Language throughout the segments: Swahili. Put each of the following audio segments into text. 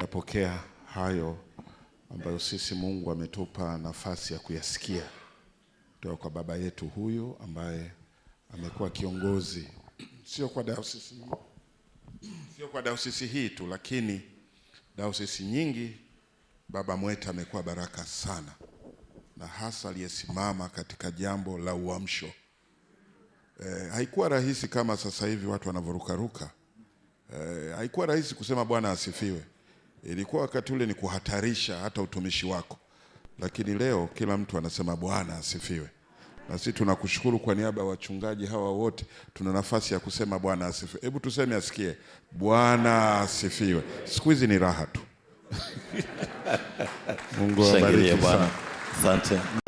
Napokea hayo ambayo sisi Mungu ametupa nafasi ya kuyasikia kutoka kwa baba yetu huyu ambaye amekuwa kiongozi sio kwa dayosisi sio kwa dayosisi hii tu, lakini dayosisi nyingi. Baba Mweta amekuwa baraka sana, na hasa aliyesimama katika jambo la uamsho eh, haikuwa rahisi kama sasa hivi watu wanavyorukaruka. Eh, haikuwa rahisi kusema Bwana asifiwe. Ilikuwa wakati ule ni kuhatarisha hata utumishi wako, lakini leo kila mtu anasema Bwana asifiwe, na sisi tunakushukuru kwa niaba ya wachungaji hawa wote, tuna nafasi ya kusema Bwana asifiwe. Hebu tuseme asikie Bwana asifiwe. Siku hizi ni raha tu Mungu awabariki sana.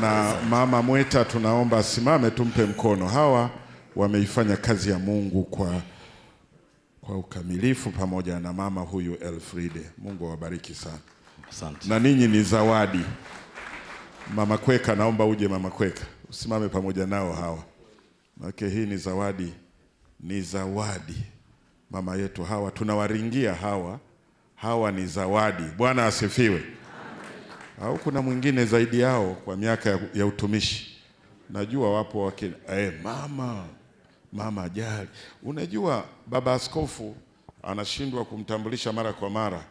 Na mama Mweta tunaomba asimame tumpe mkono hawa wameifanya kazi ya Mungu kwa, kwa ukamilifu pamoja na mama huyu Elfride. Mungu awabariki sana. Asante. Na ninyi ni zawadi. Mama Kweka, naomba uje Mama Kweka, usimame pamoja nao hawa Maana hii ni zawadi, ni zawadi mama yetu hawa, tunawaringia hawa, hawa ni zawadi. Bwana asifiwe. Au kuna mwingine zaidi yao kwa miaka ya utumishi? Najua wapo wake, eh, mama mama ajali. Unajua baba askofu anashindwa kumtambulisha mara kwa mara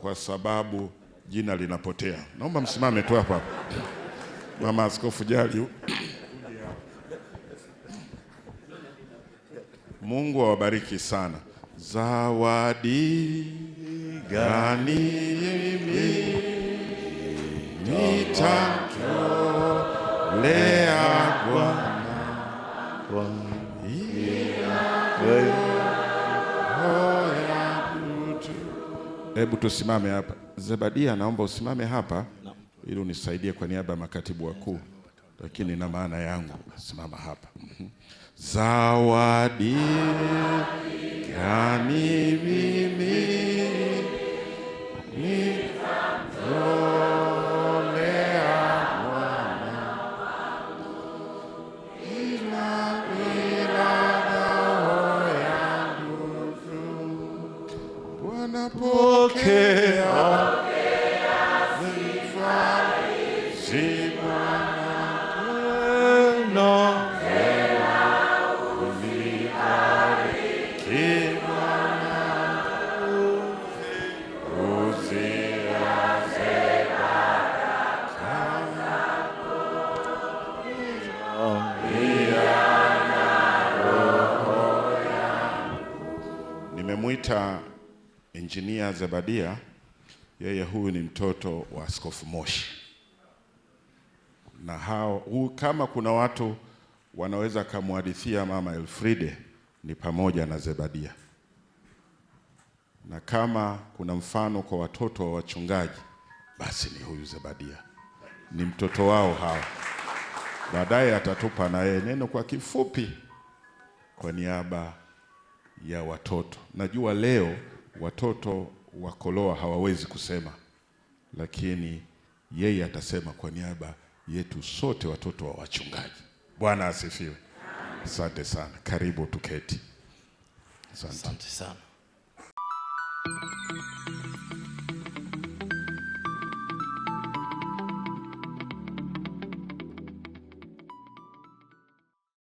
kwa sababu jina linapotea. Naomba msimame tu hapa mama askofu Jali. Mungu awabariki sana. Zawadi gani mimi nitatolewa Hebu tusimame hapa. Zebadia, naomba usimame hapa ili unisaidie kwa niaba ya makatibu wakuu, lakini na maana yangu, simama hapa. Mhm. Zawadi kamili pokea sifa tena ulibariki mwanangu usiache baraka. Nimemwita Engineer Zebadia, yeye huyu ni mtoto wa Askofu Moshi na hao huu, kama kuna watu wanaweza kumhadithia mama Elfride ni pamoja na Zebadia, na kama kuna mfano kwa watoto wa wachungaji basi ni huyu Zebadia, ni mtoto wao hao. Baadaye atatupa na yeye neno kwa kifupi kwa niaba ya watoto. Najua leo Watoto wa koloa hawawezi kusema, lakini yeye atasema kwa niaba yetu sote, watoto wa wachungaji. Bwana asifiwe. Asante sana, karibu tuketi. Asante, asante sana.